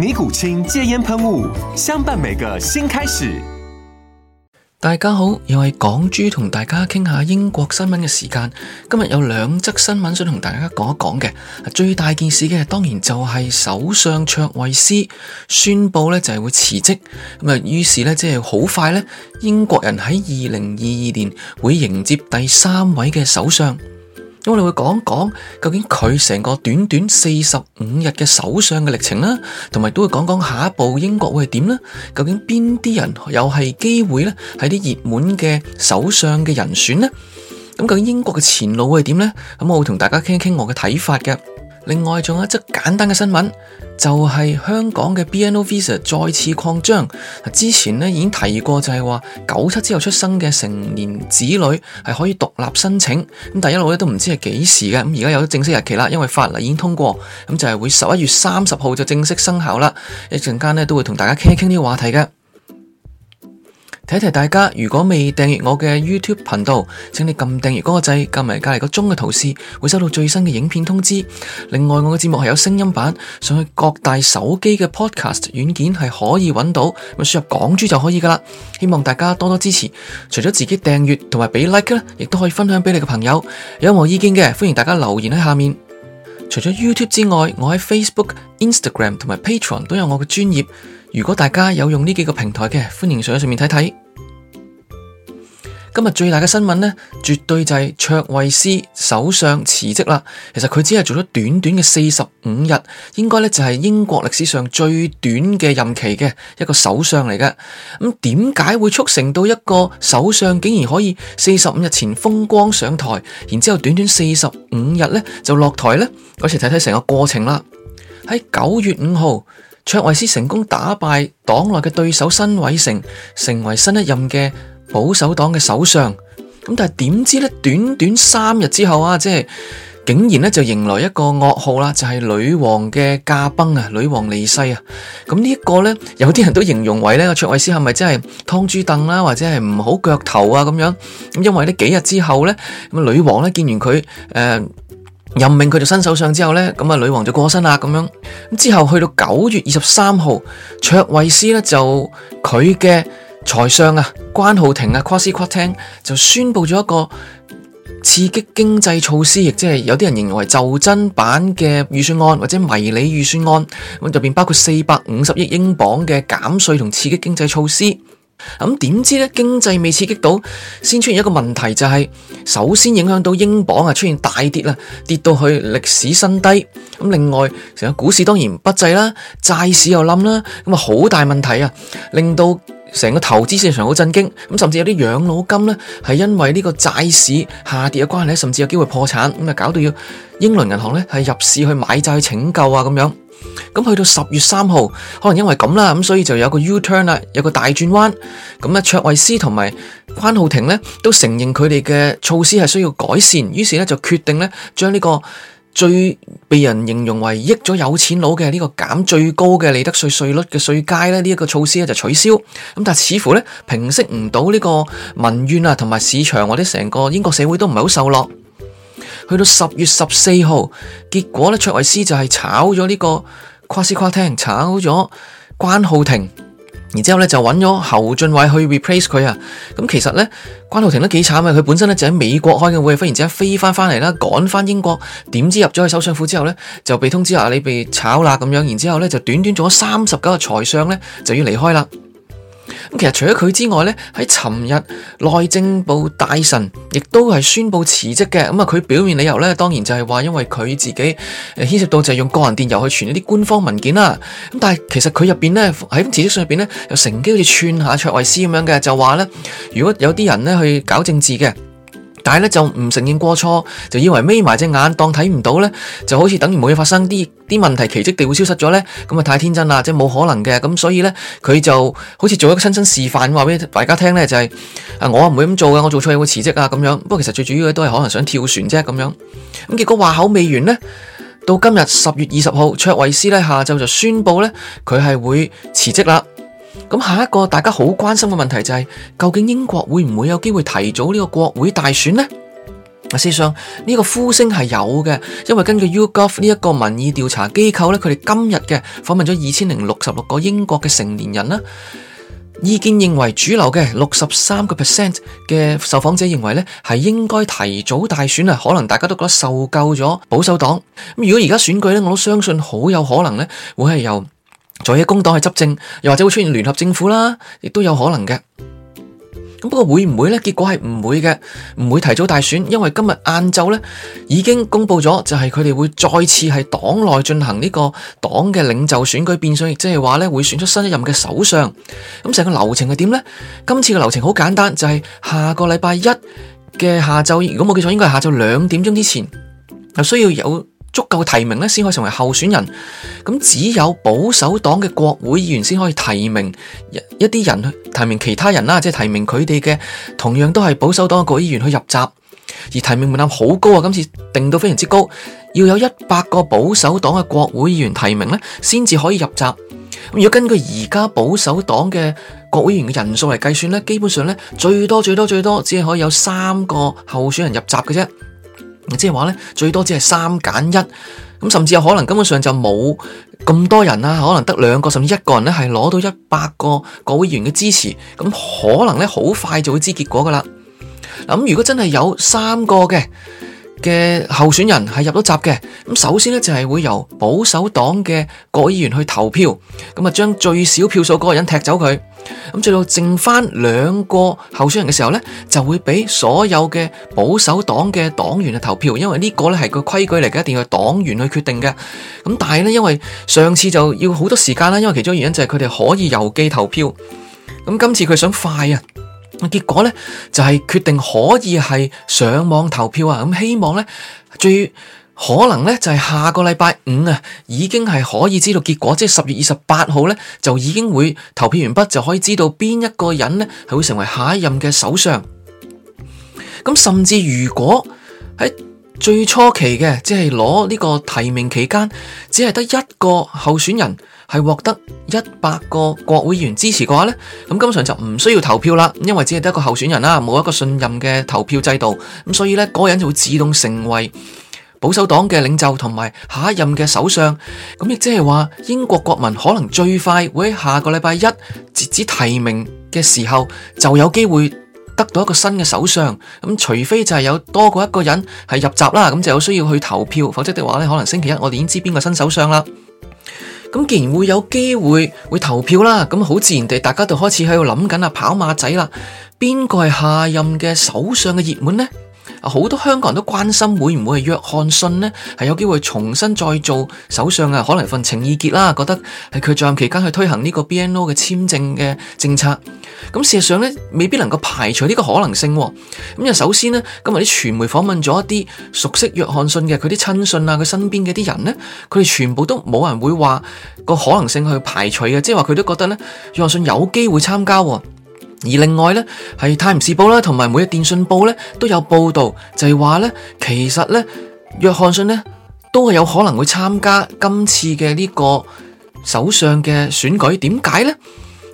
尼古清戒煙噴霧，相伴每個新開始。大家好，又係港豬同大家傾下英國新聞嘅時間。今日有兩則新聞想同大家講一講嘅，最大件事嘅當然就係首相卓慧思宣布呢，就係會辭職，咁於是呢，即係好快呢，英國人喺二零二二年會迎接第三位嘅首相。咁我哋會講講究竟佢成個短短四十五日嘅首相嘅歷程啦，同埋都會講講下一步英國會係點咧？究竟邊啲人又係機會咧？係啲熱門嘅首相嘅人選咧？咁究竟英國嘅前路會係點咧？咁我會同大家傾一傾我嘅睇法嘅。另外仲有一則簡單嘅新聞，就係香港嘅 BNO Visa 再次擴張。之前呢已經提過，就係話，九七之後出生嘅成年子女係可以獨立申請。咁但一路都唔知道係幾時嘅，而家有正式日期啦，因為法例已經通過，就係會十一月三十號就正式生效啦。一陣間都會同大家傾一傾呢個話題嘅。提提大家，如果未訂閱我嘅 YouTube 頻道，請你撳訂閱嗰個掣，撳埋隔離個鐘嘅圖示，會收到最新嘅影片通知。另外，我嘅節目係有聲音版，上去各大手機嘅 Podcast 軟件係可以揾到，咁輸入港珠就可以噶啦。希望大家多多支持，除咗自己訂閱同埋俾 like 啦，亦都可以分享俾你嘅朋友。有冇意見嘅，歡迎大家留言喺下面。除咗 YouTube 之外，我喺 Facebook、Instagram 同埋 Patreon 都有我嘅專頁。如果大家有用呢幾個平台嘅，歡迎上去上面睇睇。今日最大嘅新聞呢，絕對就係卓慧思首相辭職啦。其實佢只係做咗短短嘅四十五日，應該呢就係英國歷史上最短嘅任期嘅一個首相嚟嘅。咁點解會促成到一個首相竟然可以四十五日前風光上台，然之後短短四十五日呢就落台呢？嗰時睇睇成個過程啦。喺九月五號，卓慧思成功打敗黨內嘅對手辛偉誠，成為新一任嘅。保守黨嘅首相，咁但係點知咧？短短三日之後啊，即係竟然咧就迎來一個噩耗啦，就係、是、女王嘅駕崩啊，女王離世啊。咁呢一個咧，有啲人都形容為咧，卓慧思係咪真係劏豬凳啦，或者係唔好腳頭啊咁樣？咁因為呢幾日之後咧，咁女王咧見完佢誒、呃、任命佢做新首相之後咧，咁啊女王就過身啦咁樣。咁之後去到九月二十三號，卓慧思咧就佢嘅。財相啊，關浩庭啊 Kwasi Kwarteng 就宣布咗一個刺激經濟措施，亦即係有啲人認為就真版嘅預算案或者迷你預算案，咁入邊包括四百五十億英鎊嘅減稅同刺激經濟措施。咁、嗯、點知咧，經濟未刺激到，先出現一個問題就係、是、首先影響到英鎊啊，出現大跌啦，跌到去歷史新低。咁、嗯、另外成個股市當然不濟啦，債市又冧啦，咁啊好大問題啊，令到。成個投資市場好震驚，咁甚至有啲養老金呢，係因為呢個債市下跌嘅關係，甚至有機會破產，咁啊搞到要英倫銀行呢係入市去買債去拯救啊咁樣。咁去到十月三號，可能因為咁啦，咁所以就有個 U turn 啦，有個大轉彎。咁咧，卓慧思同埋關浩庭呢，都承認佢哋嘅措施係需要改善，於是呢就決定呢將呢個最被人形容為益咗有錢佬嘅呢個減最高嘅利得稅稅率嘅稅階呢，呢、這、一個措施呢就取消。咁但似乎呢平息唔到呢個民怨啊，同埋市場或者成個英國社會都唔係好受落。去到十月十四號，結果呢，卓慧思就係炒咗呢、這個跨師跨廳，炒咗關浩庭。然之後咧就揾咗侯俊偉去 replace 佢啊！咁其實咧關浩庭都幾慘啊！佢本身咧就喺美國開嘅會，忽然之間飛翻翻嚟啦，趕翻英國，點知入咗去首相府之後咧就被通知話，你被炒啦咁樣。然之後咧就短短做咗三十九日財相咧就要離開啦。其實除咗佢之外呢，喺尋日內政部大臣亦都是宣布辭職嘅。咁佢表面理由呢當然就是說，因為佢自己牽涉到就是用個人電郵去傳一啲官方文件啦。但是其實佢入邊咧喺辭職信入面呢，又乘機好似串下卓慧思這樣嘅，就說呢：「如果有啲人呢去搞政治嘅。但係咧就唔承認過錯，就以為眯埋隻眼當睇唔到咧，就好似等於冇嘢發生，啲啲問題奇蹟地會消失咗咧，咁啊太天真啦，即係冇可能嘅，咁所以咧佢就好似做一個親身示範，話俾大家聽咧就係、是，啊我唔會咁做嘅，我做錯嘢會辭職啊咁樣，不過其實最主要嘅都係可能想跳船啫咁樣，咁結果話口未完呢，到今日十月二十號，卓慧思咧下晝就宣布咧佢係會辭職啦。咁下一個大家好關心嘅問題就係、是，究竟英國會唔會有機會提早呢個國會大選呢？事實上呢個呼聲係有嘅，因為根據 YouGov 呢一個民意調查機構呢，佢哋今日嘅訪問咗二千零六十六個英國嘅成年人啦，意見認為主流嘅六十三個 percent 嘅受訪者認為呢係應該提早大選啊，可能大家都覺得受夠咗保守黨，咁如果而家選舉呢，我都相信好有可能呢會係由在嘅工黨去執政，又或者會出現聯合政府啦，亦都有可能嘅。咁不過會唔會呢？結果係唔會嘅，唔會提早大選，因為今日晏晝呢已經公布咗，就係佢哋會再次喺黨內進行呢個黨嘅領袖選舉變相，亦即係話呢會選出新一任嘅首相。咁成個流程係點呢？今次嘅流程好簡單，就係、是、下個禮拜一嘅下晝，如果冇記錯，應該係下晝兩點鐘之前，就需要有足夠提名咧，先可以成為候選人。咁只有保守黨嘅國會議員先可以提名一啲人去提名其他人啦，即係提名佢哋嘅同樣都係保守黨嘅國會議員去入閘。而提名門檻好高啊，今次定到非常之高，要有一百個保守黨嘅國會議員提名咧，先至可以入閘。咁如果根據而家保守黨嘅國會議員嘅人數嚟計算咧，基本上咧最多最多最多只係可以有三個候選人入閘嘅啫。即係話咧，最多只係三揀一，咁甚至有可能根本上就冇咁多人啦，可能得兩個，甚至一個人咧係攞到一百個個會員嘅支持，咁可能咧好快就會知結果噶啦。咁如果真係有三個嘅嘅候選人係入到閘嘅，咁首先呢，就係會由保守黨嘅各議員去投票，咁啊將最少票數嗰個人踢走佢，咁最後剩翻兩個候選人嘅時候呢，就會俾所有嘅保守黨嘅黨員去投票，因為呢個呢係個規矩嚟嘅，一定要黨員去決定嘅。咁但係呢，因為上次就要好多時間啦，因為其中原因就係佢哋可以郵寄投票，咁今次佢想快啊。結果呢，就係決定可以係上網投票啊，咁希望呢，最可能呢，就係下個禮拜五啊，已經係可以知道結果，即係十月二十八號呢，就已經會投票完畢，就可以知道邊一個人呢係會成為下一任嘅首相。咁甚至如果喺最初期嘅，即係攞呢個提名期間，只係得一個候選人。係獲得一百個國會議員支持嘅話呢，咁基本上就唔需要投票啦，因為只係得一個候選人啦，冇一個信任嘅投票制度，咁所以呢嗰個人就會自動成為保守黨嘅領袖同埋下一任嘅首相。咁亦即係話，英國國民可能最快會喺下個禮拜一截止提名嘅時候就有機會得到一個新嘅首相。咁除非就係有多過一個人係入閘啦，咁就有需要去投票，否則嘅話呢，可能星期一我哋已經知邊個新首相啦。咁既然會有機會會投票啦，咁好自然地，大家就開始喺度諗緊啊，跑馬仔啦，邊個係下任嘅首相嘅熱門呢？好多香港人都關心會唔會係約翰遜呢係有機會重新再做首相啊？可能一份情意結啦，覺得係佢在任期間去推行呢個 BNO 嘅簽證嘅政策。咁事實上呢，未必能夠排除呢個可能性。咁就首先呢，今日啲傳媒訪問咗一啲熟悉約翰遜嘅佢啲親信啊，佢身邊嘅啲人呢，佢哋全部都冇人會話個可能性去排除嘅，即係話佢都覺得呢，約翰遜有機會參加。而另外咧，係《泰晤士報》啦，同埋每日電訊報咧，都有報導，就係話咧，其實咧，約翰遜咧，都係有可能會參加今次嘅呢個首相嘅選舉，點解咧？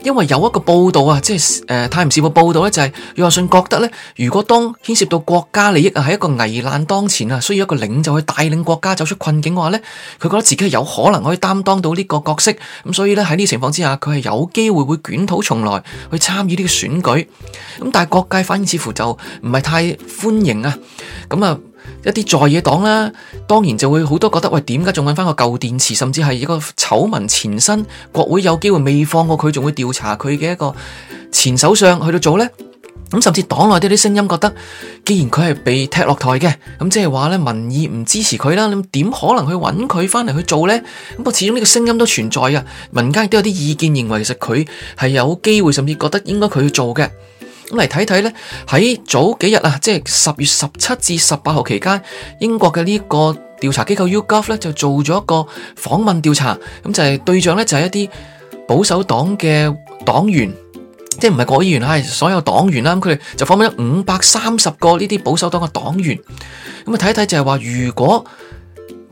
因為有一個報道啊，即係誒、呃《泰晤士報》報道咧，就係約翰遜覺得咧，如果當牽涉到國家利益啊，係一個危難當前啊，需要一個領袖去帶領國家走出困境嘅話咧，佢覺得自己係有可能可以擔當到呢個角色，咁所以咧，喺呢情況之下，佢係有機會會捲土重來去參與呢個選舉，咁但係各界反應似乎就唔係太歡迎啊，咁啊。一啲在野黨啦，當然就會好多覺得喂，點解仲揾翻個舊電池，甚至係一個醜聞前身？國會有機會未放過佢，仲會調查佢嘅一個前首相去到做呢？咁甚至黨內啲啲聲音覺得，既然佢係被踢落台嘅，咁即係話呢民意唔支持佢啦。咁點可能去揾佢翻嚟去做呢？咁我始終呢個聲音都存在呀。民間亦都有啲意見認為，其實佢係有機會，甚至覺得應該佢去做嘅。咁嚟睇睇咧，喺早幾日啊，即係十月十七至十八號期間，英國嘅呢個調查機構 YouGov 咧就做咗一個訪問調查，咁就係對象咧就係一啲保守黨嘅黨員，即係唔係國會議員，係所有黨員啦，咁佢哋就訪問咗五百三十個呢啲保守黨嘅黨員，咁啊睇睇就係話如果。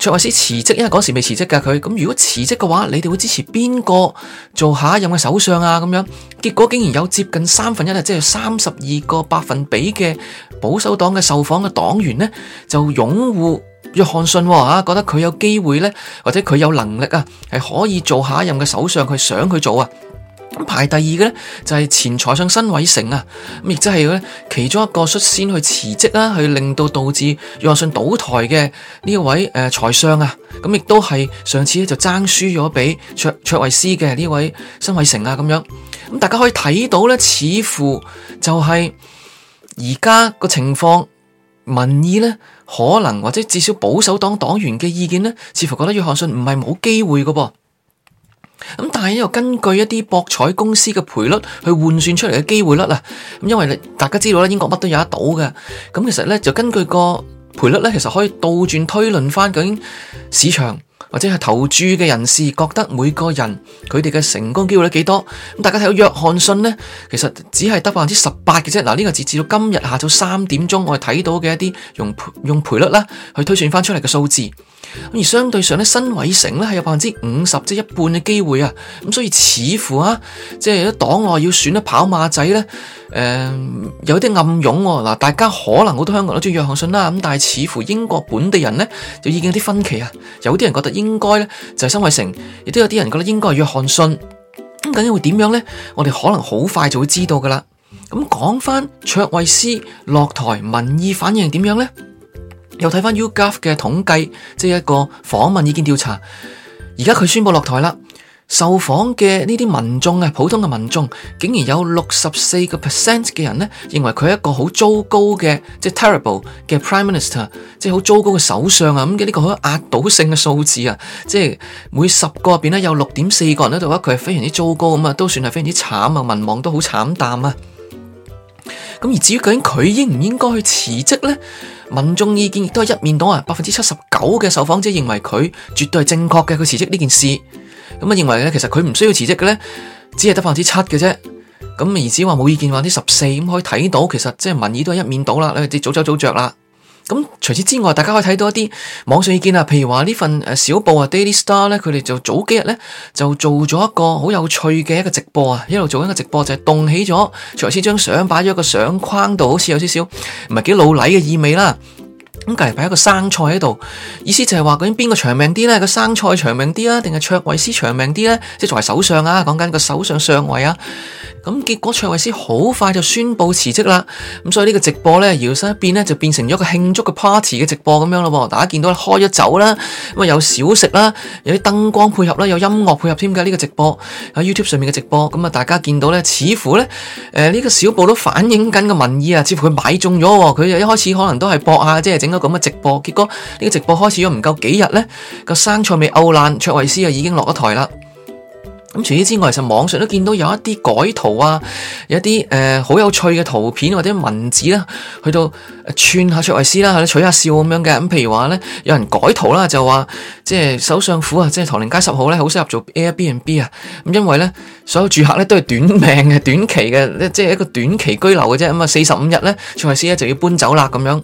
卓慧思辭職，因為嗰時未辭職噶佢。咁如果辭職嘅話，你哋會支持邊個做下一任嘅首相啊？咁樣，結果竟然有接近三分一啊，即係三十二個百分比嘅保守黨嘅受訪嘅黨員呢，就擁護約翰遜吓、哦啊，覺得佢有機會呢，或者佢有能力啊，係可以做下一任嘅首相，佢想佢做啊。排第二嘅呢，就係、是、前財相辛偉誠啊，咁亦即係呢，其中一個率先去辭職啦，去令到導致約翰遜倒台嘅呢位誒財相啊，咁亦都係上次就爭輸咗俾卓卓慧思嘅呢位辛偉誠啊咁樣，咁大家可以睇到呢，似乎就係而家個情況民意呢，可能或者至少保守黨黨員嘅意見呢，似乎覺得約翰遜唔係冇機會噶噃咁但係又根據一啲博彩公司嘅賠率去換算出嚟嘅機會率啦。咁因為大家知道咧，英國乜都有得賭嘅。咁其實呢，就根據個賠率呢，其實可以倒轉推論翻究竟，市場或者係投注嘅人士覺得每個人佢哋嘅成功機會率幾多？咁大家睇到約翰遜呢，其實只係得百分之十八嘅啫。嗱呢個截至到今日下晝三點鐘我哋睇到嘅一啲用用賠率啦去推算翻出嚟嘅數字。而相對上咧，辛偉誠咧係有百分之五十即一半嘅機會啊！咁所以似乎啊，即係喺黨內，要選一跑馬仔咧，誒、呃，有啲暗湧嗱。大家可能好多香港人都中意約翰遜啦，咁但係似乎英國本地人咧就已經有啲分歧啊！有啲人覺得應該咧就係辛偉誠，亦都有啲人覺得應該約翰遜。咁究竟會點樣咧？我哋可能好快就會知道噶啦。咁講翻卓慧思落台民意反應點樣咧？又睇返 YouGov 嘅統計，即係一個訪問意見調查。而家佢宣布落台啦，受訪嘅呢啲民眾啊，普通嘅民眾，竟然有六十四個 percent 嘅人咧，認為佢係一個好糟糕嘅，即係 terrible 嘅 Prime Minister，即係好糟糕嘅首相啊！咁嘅呢個好壓倒性嘅數字啊！即係每十個入邊咧，有六點四個人喺度話佢係非常之糟糕咁啊，都算係非常之慘啊，民望都好慘淡啊！咁而至於究竟佢應唔應該去辭職咧？民眾意見亦都係一面倒啊！百分之七十九嘅受訪者認為佢絕對係正確嘅，佢辭職呢件事咁啊，認為咧其實佢唔需要辭職嘅咧，只係得百分之七嘅啫。咁而，而只話冇意見話啲十四咁可以睇到，其實即係民意都係一面倒啦，你早走早着啦。咁除此之外，大家可以睇到一啲網上意見啊，譬如話呢份誒小報啊《Daily Star》咧，佢哋就早幾日咧就做咗一個好有趣嘅一個直播啊，一路做緊個直播就係、是、凍起咗，徐先將相擺咗個相框度，好似有少少唔係幾老禮嘅意味啦。咁隔籬擺一個生菜喺度，意思就係話究竟邊個長命啲呢？個生菜長命啲啊，定係卓慧思長命啲呢？即係作為首相啊，講緊個首相上位啊。咁結果卓慧思好快就宣布辭職啦。咁所以呢個直播呢，搖身一變呢，就變成咗個慶祝嘅 party 嘅直播咁樣咯。大家見到開咗酒啦，咁啊有小食啦，有啲燈光配合啦，有音樂配合添嘅呢個直播喺 YouTube 上面嘅直播。咁啊大家見到呢，似乎呢，誒、這、呢個小報都反映緊個民意啊，似乎佢買中咗。佢又一開始可能都係搏下即係。整個咁嘅直播，結果呢個直播開始咗唔夠幾日，呢個生菜未歐爛，卓慧思啊，已經落咗台啦。咁除此之外，其實網上都見到有一啲改圖啊，有一啲誒好有趣嘅圖片或者文字啦，去到串下卓慧思啦，去取下笑咁樣嘅。咁譬如話呢，有人改圖啦，就話即係首相府啊，即係唐寧街十號呢，好適合做 Airbnb 啊。咁因為呢，所有住客呢都係短命嘅短期嘅，即係一個短期居留嘅啫。咁、嗯、啊，四十五日呢，卓慧思咧就要搬走啦，咁樣。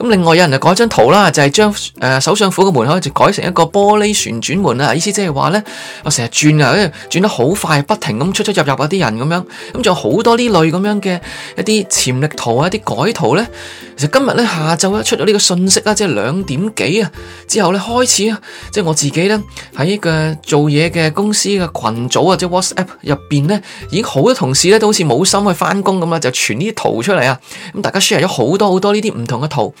咁另外有人就改張圖啦，就係將誒首相府嘅門口就改成一個玻璃旋轉門啦。意思即係話呢，我成日轉啊，轉得好快，不停咁出出入入嗰啲人咁樣。咁仲有好多呢類咁樣嘅一啲潛力圖啊，一啲改圖呢。其實今日呢，下晝出咗呢個信息啦，即係兩點幾啊之後呢，開始啊，即係我自己呢，喺個做嘢嘅公司嘅群組啊，即係 WhatsApp 入面呢，已經好多同事呢都好似冇心去翻工咁啊，就傳呢啲圖出嚟啊！咁大家 share 咗好多好多呢啲唔同嘅圖。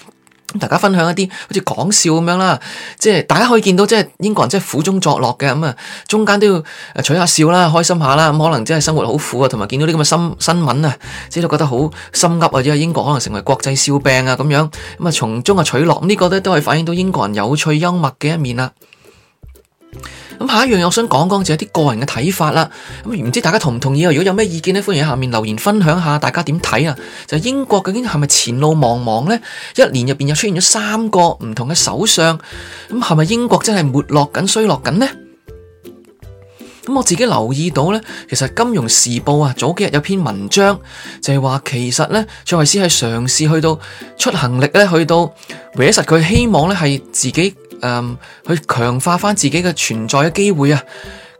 大家分享一啲好似講笑咁樣啦，即係大家可以見到，即係英國人真係苦中作樂嘅咁啊，中間都要取下笑啦，開心下啦，咁可能真係生活好苦啊，同埋見到啲咁嘅新新聞啊，即係覺得好心噏啊，即係英國可能成為國際笑柄啊咁樣，咁啊從中啊取樂呢，這個咧都係反映到英國人有趣幽默嘅一面啦。咁下一樣，我想講講就係啲個人嘅睇法啦。咁唔知大家同唔同意啊？如果有咩意見呢，歡迎喺下面留言分享下，大家點睇啊？就係英國究竟係咪前路茫茫呢？一年入面又出現咗三個唔同嘅首相，咁係咪英國真係沒落緊、衰落緊呢？咁我自己留意到呢，其實《金融時報》啊，早幾日有篇文章就係話，其實呢，卓慧思係嘗試去到出行力呢，去到搵實佢希望呢係自己。誒、um，去強化翻自己嘅存在嘅機會啊！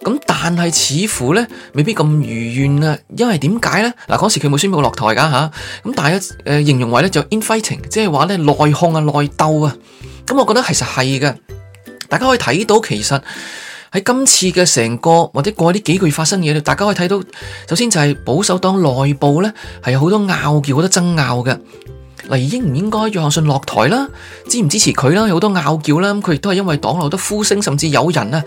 咁但係似乎咧，未必咁如願啊。因為點解咧？嗱，嗰時佢冇宣布落台噶吓。咁、啊、但家、誒、呃，形容為咧就 infighting 即係話咧內訌啊、內鬥啊。咁我覺得其實係嘅。大家可以睇到，其實喺今次嘅成個或者過呢幾個月發生嘢，咧，大家可以睇到，首先就係保守黨內部咧係有好多拗撬、好多爭拗嘅。嗱，應唔應該約翰遜落台啦？支唔支持佢啦？有好多拗撬啦，佢亦都係因為黨內好多呼聲，甚至有人啊，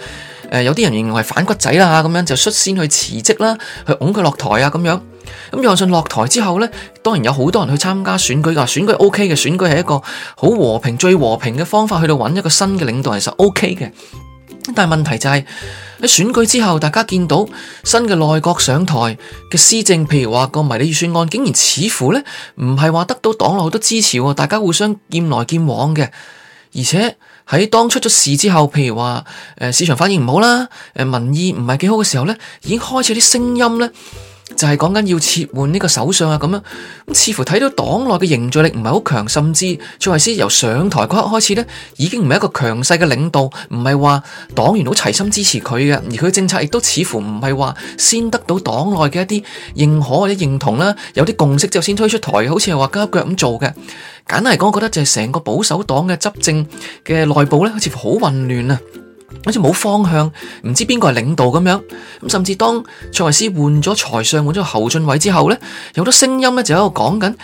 誒，有啲人認為反骨仔啦，咁樣就率先去辭職啦，去拱佢落台啊，咁樣。咁約翰遜落台之後咧，當然有好多人去參加選舉，話選舉 O K 嘅選舉係一個好和平、最和平嘅方法，去到揾一個新嘅領導人其實 O K 嘅。但係問題就係、是、喺選舉之後，大家見到新嘅內閣上台嘅施政，譬如話個迷你預算案，竟然似乎呢唔係話得到黨內好多支持喎，大家互相劍來劍往嘅。而且喺當出咗事之後，譬如話市場反應唔好啦，民意唔係幾好嘅時候呢，已經開始有啲聲音呢，就係講緊要撤換呢個首相啊，咁樣，咁似乎睇到黨內嘅凝聚力唔係好強，甚至卓慧思由上台嗰一刻開始咧，已經唔係一個強勢嘅領導，唔係話黨員好齊心支持佢嘅，而佢嘅政策亦都似乎唔係話先得到黨內嘅一啲認可或者認同啦，有啲共識之後先推出台，好似係話急急腳咁做嘅。簡單嚟講，我覺得就係成個保守黨嘅執政嘅內部咧，好似好混亂啦。好似冇方向，唔知邊個係領導咁樣咁，甚至當卓慧思換咗財相，換咗侯俊偉之後呢，有好多聲音呢就喺度講緊，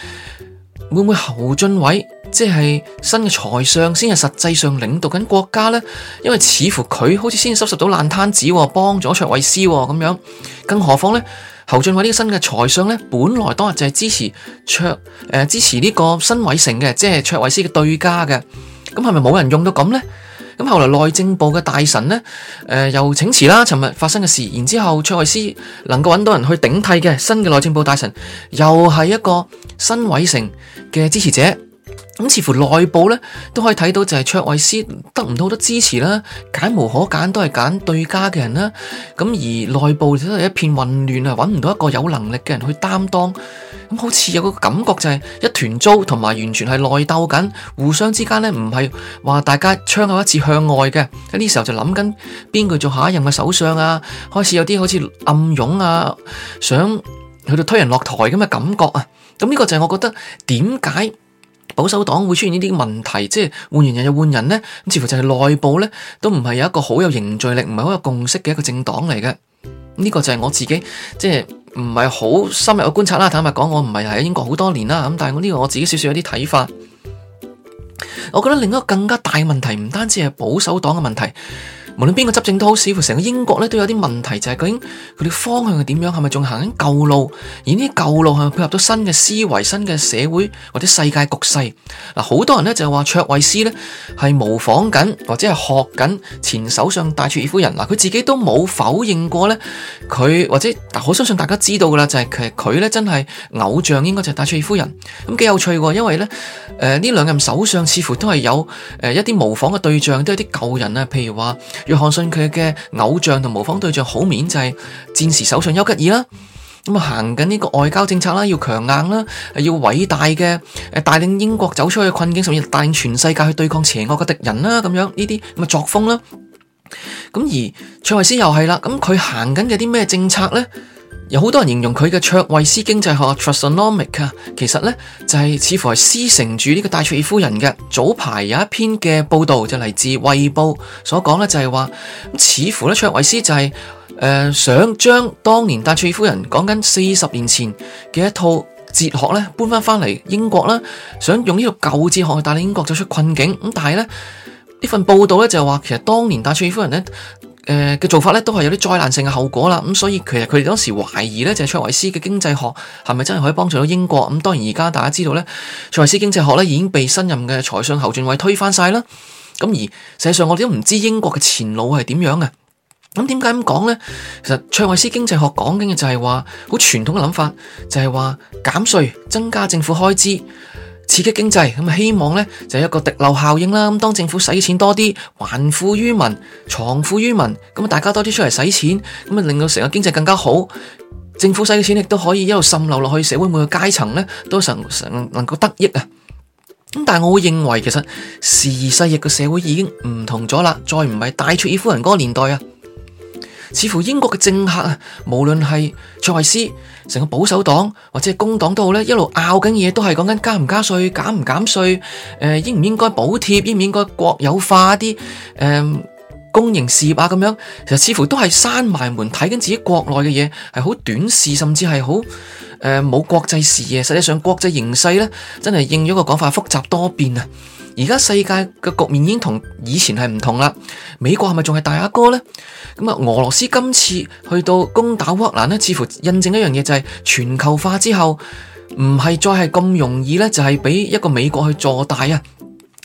會唔會侯俊偉即係新嘅財相先係實際上領導緊國家呢？因為似乎佢好似先收拾到爛攤子，幫咗卓慧思咁樣。更何況呢？侯俊偉呢個新嘅財相呢，本來當日就係支持卓誒、呃，支持呢個辛偉誠嘅，即係卓慧思嘅對家嘅。咁係咪冇人用到咁呢？」咁後來內政部嘅大臣呢，呃、又請辭啦。尋日發生嘅事，然之後卓慧思能夠揾到人去頂替嘅新嘅內政部大臣，又係一個辛偉誠嘅支持者。咁似乎內部呢都可以睇到就係卓慧思得唔到好多支持啦，揀無可揀都係揀對家嘅人啦。咁而內部都係一片混亂啊，揾唔到一個有能力嘅人去擔當。咁好似有個感覺就係一團糟，同埋完全係內鬥緊，互相之間呢唔係話大家槍口一致向外嘅。喺呢時候就諗緊邊個做下一任嘅首相啊。開始有啲好似暗湧啊，想去到推人落台咁嘅感覺啊。咁呢個就係我覺得點解保守黨會出現呢啲問題，即係換完人又換人呢，咁似乎就係內部呢，都唔係有一個好有凝聚力，唔係好有共識嘅一個政黨嚟嘅。呢個就係我自己即係唔係好深入嘅觀察啦。坦白講，我唔係喺英國好多年啦，咁但係我呢個我自己少少有啲睇法。我覺得另一個更加大嘅問題，唔單止係保守黨嘅問題。無論邊個執政都好，似乎成個英國咧都有啲問題，就係、是、究竟佢哋方向係點樣，係咪仲行緊舊路？而呢啲舊路係咪配合咗新嘅思維、新嘅社會或者世界局勢？嗱，好多人咧就話卓慧思咧係模仿緊或者係學緊前首相戴卓爾夫人。嗱，佢自己都冇否認過咧，佢或者我相信大家知道噶啦，就係其實佢咧真係偶像應該就係戴卓爾夫人。咁幾有趣喎，因為咧誒呢、呃、這兩任首相似乎都係有誒一啲模仿嘅對象，都係啲舊人啊，譬如話。約翰遜佢嘅偶像同模仿對象好明顯就係戰時首相丘吉爾啦，咁啊行緊呢個外交政策啦，要強硬啦，要偉大嘅誒帶領英國走出去嘅困境，甚至帶領全世界去對抗邪惡嘅敵人啦，咁樣呢啲咁嘅作風啦。咁而卓慧思又係啦，咁佢行緊嘅啲咩政策咧？有好多人形容佢嘅卓慧思經濟學 Trussonomics 啊，其實呢就係、是、似乎係師承住呢個戴卓爾夫人嘅。早排有一篇嘅報道就嚟自衛就《衛報》所講呢就係話，咁似乎呢卓慧思就係、是呃、想將當年戴卓爾夫人講緊四十年前嘅一套哲學呢搬翻翻嚟英國啦，想用呢套舊哲學去帶領英國走出困境。咁但係呢份報道呢，就係話，其實當年戴卓爾夫人呢。誒嘅做法咧，都係有啲災難性嘅後果啦。咁所以其實佢哋當時懷疑咧，就係卓慧思嘅經濟學係咪真係可以幫助到英國咁？當然而家大家知道咧，卓慧思經濟學咧已經被新任嘅財相侯俊偉推翻晒啦。咁而實際上我哋都唔知英國嘅前路係點樣嘅。咁點解咁講咧？其實卓慧思經濟學講緊嘅就係話好傳統嘅諗法，就係話減稅增加政府開支。刺激經濟，咁希望呢就有一個滴漏效應啦。咁當政府使錢多啲，還富於民，藏富於民，咁啊大家多啲出嚟使錢，咁啊令到成個經濟更加好。政府使嘅錢亦都可以一路滲流落去社會每個階層呢都成成能夠得益啊。咁但係我會認為，其實時移世易嘅社會已經唔同咗啦，再唔係戴卓爾夫人嗰個年代啊。似乎英國嘅政客啊，無論係卓慧思成個保守黨或者係工黨都好咧，一路拗緊嘢，都係講緊加唔加稅、減唔減稅、誒應唔應該補貼、應唔應該國有化啲誒、呃、公營事業啊咁樣。其實似乎都係閂埋門睇緊自己國內嘅嘢，係好短視，甚至係好誒冇國際視野。實際上國際形勢咧，真係應咗個講法，複雜多變啊！而家世界嘅局面已經同以前係唔同啦，美國係咪仲係大阿哥呢？咁啊，俄羅斯今次去到攻打烏克蘭，似乎印證一樣嘢，就係全球化之後唔係再係咁容易咧，就係畀一個美國去坐大啊！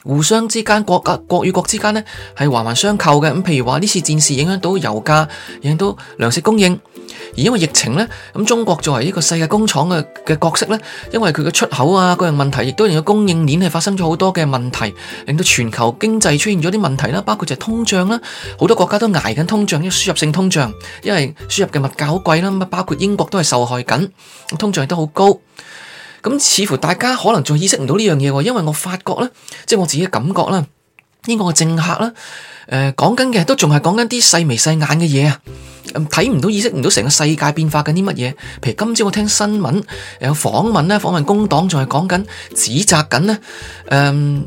互相之間國家國與國之間呢，係環環相扣嘅，咁譬如話呢次戰事影響到油價，影響到糧食供應，而因為疫情呢，咁中國作為一個世界工廠嘅嘅角色呢，因為佢嘅出口啊各樣問題，亦都令到供應鏈係發生咗好多嘅問題，令到全球經濟出現咗啲問題啦，包括就係通脹啦，好多國家都捱緊通脹，因為輸入性通脹，因為輸入嘅物價好貴啦，咁啊包括英國都係受害緊，通脹亦都好高。咁似乎大家可能仲意識唔到呢樣嘢喎，因為我發覺呢，即係我自己嘅感覺啦，英國嘅政客啦，誒，講緊嘅都仲係講緊啲細眉細眼嘅嘢啊，睇唔到意識唔到成個世界變化緊啲乜嘢。譬如今朝我聽新聞有訪問咧，訪問工黨仲係講緊指責緊呢。誒、呃。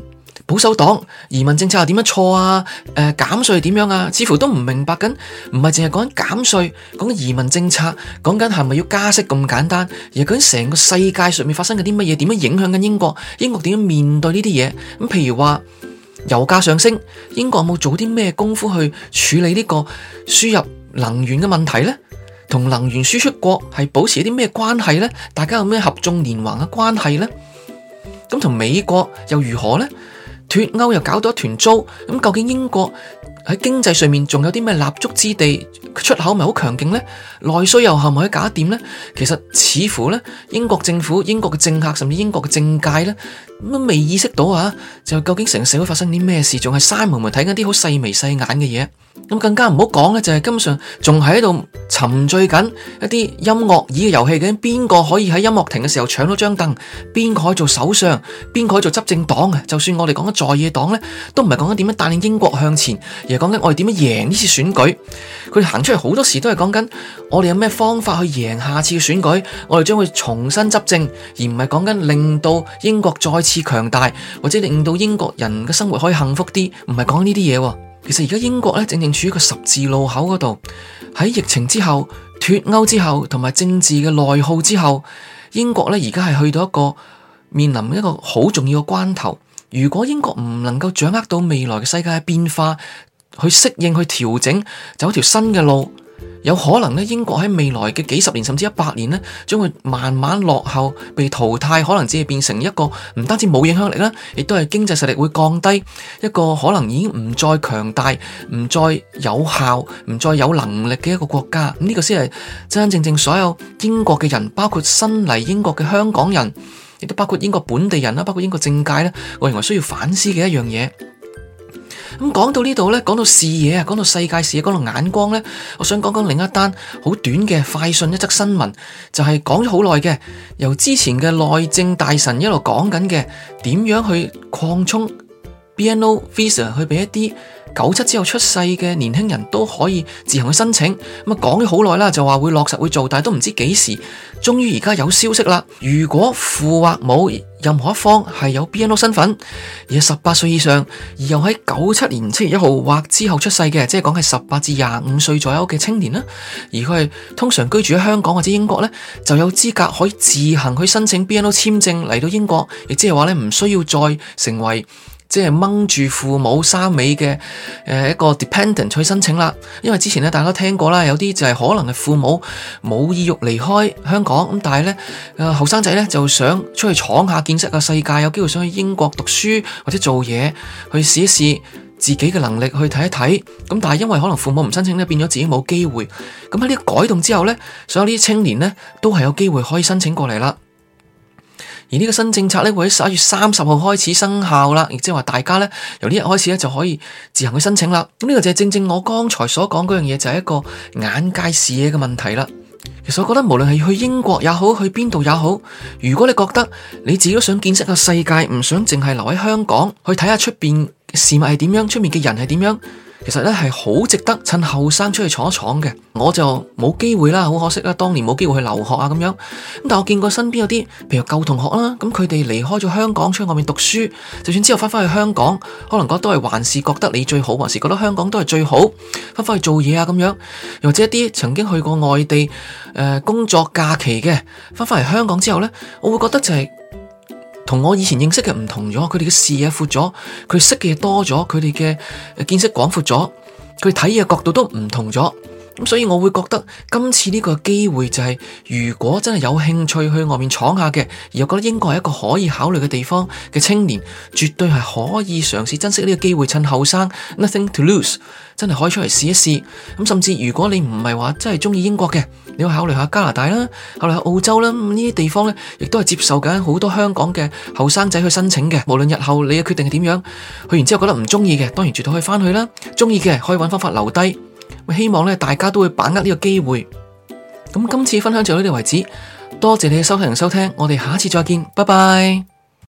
保守黨移民政策又點樣錯啊？誒、呃，減稅點樣啊？似乎都唔明白緊，唔係淨係講緊減稅，講緊移民政策，講緊係咪要加息咁簡單？而究竟成個世界上面發生緊啲乜嘢，點樣影響緊英國？英國點樣面對呢啲嘢？咁譬如話油價上升，英國有冇做啲咩功夫去處理呢個輸入能源嘅問題呢？同能源輸出國係保持啲咩關係呢？大家有咩合縱連橫嘅關係呢？咁同美國又如何呢？脫歐又搞到一團糟，咁究竟英國喺經濟上面仲有啲咩立足之地？出口咪好強勁呢？內需又係咪可以搞掂呢？其實似乎呢，英國政府、英國嘅政客甚至英國嘅政界呢，都未意識到啊，就究竟成個社會發生啲咩事？仲係閂門門睇緊啲好細眉細眼嘅嘢。咁更加唔好講呢就係、是、今上仲喺度沉醉緊一啲音樂椅嘅遊戲嘅，邊個可以喺音樂停嘅時候搶到張凳？邊個可以做首相？邊個可以做執政黨啊？就算我哋講緊在野黨呢，都唔係講緊點樣帶領英國向前。而係講緊我哋點樣贏呢次選舉，佢哋行出嚟好多時都係講緊我哋有咩方法去贏下次嘅選舉，我哋將會重新執政，而唔係講緊令到英國再次強大，或者令到英國人嘅生活可以幸福啲，唔係講呢啲嘢。其實而家英國咧，正正處於一個十字路口嗰度。喺疫情之後、脫歐之後，同埋政治嘅內耗之後，英國咧而家係去到一個面臨一個好重要嘅關頭。如果英國唔能夠掌握到未來嘅世界嘅變化，去適應、去調整，走條新嘅路，有可能呢，英國喺未來嘅幾十年甚至一百年呢，將會慢慢落後、被淘汰，可能只係變成一個唔單止冇影響力啦，亦都係經濟實力會降低，一個可能已經唔再強大、唔再有效、唔再有能力嘅一個國家。咁呢個先係真真正正所有英國嘅人，包括新嚟英國嘅香港人，亦都包括英國本地人啦，包括英國政界咧，我認為需要反思嘅一樣嘢。咁講到呢度咧，講到視野啊，講到世界視野，講到眼光咧，我想講講另一單好短嘅快訊，一則新聞，就係講咗好耐嘅，由之前嘅內政大臣一路講緊嘅，點樣去擴充。BNO Visa 去俾一啲九七之後出世嘅年輕人都可以自行去申請。咁啊，講咗好耐啦，就話會落實會做，但係都唔知幾時。終於而家有消息啦。如果父或母任何一方係有 BNO 身份，而係十八歲以上，而又喺九七年七月一號或之後出世嘅，即係講係十八至廿五歲左右嘅青年啦。而佢係通常居住喺香港或者英國呢，就有資格可以自行去申請 BNO 簽證嚟到英國，亦即係話呢，唔需要再成為。即係掹住父母衫尾嘅誒一個 dependent 去申請啦，因為之前咧大家都聽過啦，有啲就係可能係父母冇意欲離開香港呢，咁但係咧誒後生仔咧就想出去闖下見識個世界，有機會想去英國讀書或者做嘢去試一試自己嘅能力去睇一睇，咁但係因為可能父母唔申請咧，變咗自己冇機會，咁喺呢個改動之後咧，所有呢啲青年咧都係有機會可以申請過嚟啦。而呢個新政策呢會喺十一月三十號開始生效啦，亦即係話大家呢由呢日開始呢就可以自行去申請啦。咁呢個就係正正我剛才所講嗰樣嘢，就係一個眼界視野嘅問題啦。其實我覺得無論係去英國也好，去邊度也好，如果你覺得你自己都想見識個世界，唔想淨係留喺香港去睇下出面的事物係點樣，出面嘅人係點樣。其實呢，係好值得趁後生出去闖一闖嘅，我就冇機會啦，好可惜啦，當年冇機會去留學啊，咁樣。咁但係我見過身邊有啲，譬如舊同學啦，咁佢哋離開咗香港出去外面讀書，就算之後翻返去香港，可能都係還是覺得你最好，還是覺得香港都係最好，翻返去做嘢啊咁樣，又或者一啲曾經去過外地誒、呃、工作假期嘅，翻返嚟香港之後呢，我會覺得就係、是。同我以前認識嘅唔同咗，佢哋嘅視野闊咗，佢哋識嘅嘢多咗，佢哋嘅見識廣闊咗，佢哋睇嘢嘅角度都唔同咗。咁所以我會覺得今次呢個機會就係如果真係有興趣去外面闖下嘅，而又覺得英國係一個可以考慮嘅地方嘅青年，絕對係可以嘗試珍惜呢個機會，趁後生，nothing to lose，真係可以出嚟試一試。咁甚至如果你唔係話真係中意英國嘅，你可以考慮下加拿大啦，考慮下澳洲啦，呢啲地方咧，亦都係接受緊好多香港嘅後生仔去申請嘅。無論日後你嘅決定係點樣，去完之後覺得唔中意嘅，當然絕對可以翻去啦。中意嘅可以揾方法留低。希望大家都會把握呢個機會。咁今次分享就到呢度為止，多謝你嘅收睇同收聽，我哋下次再見，拜拜。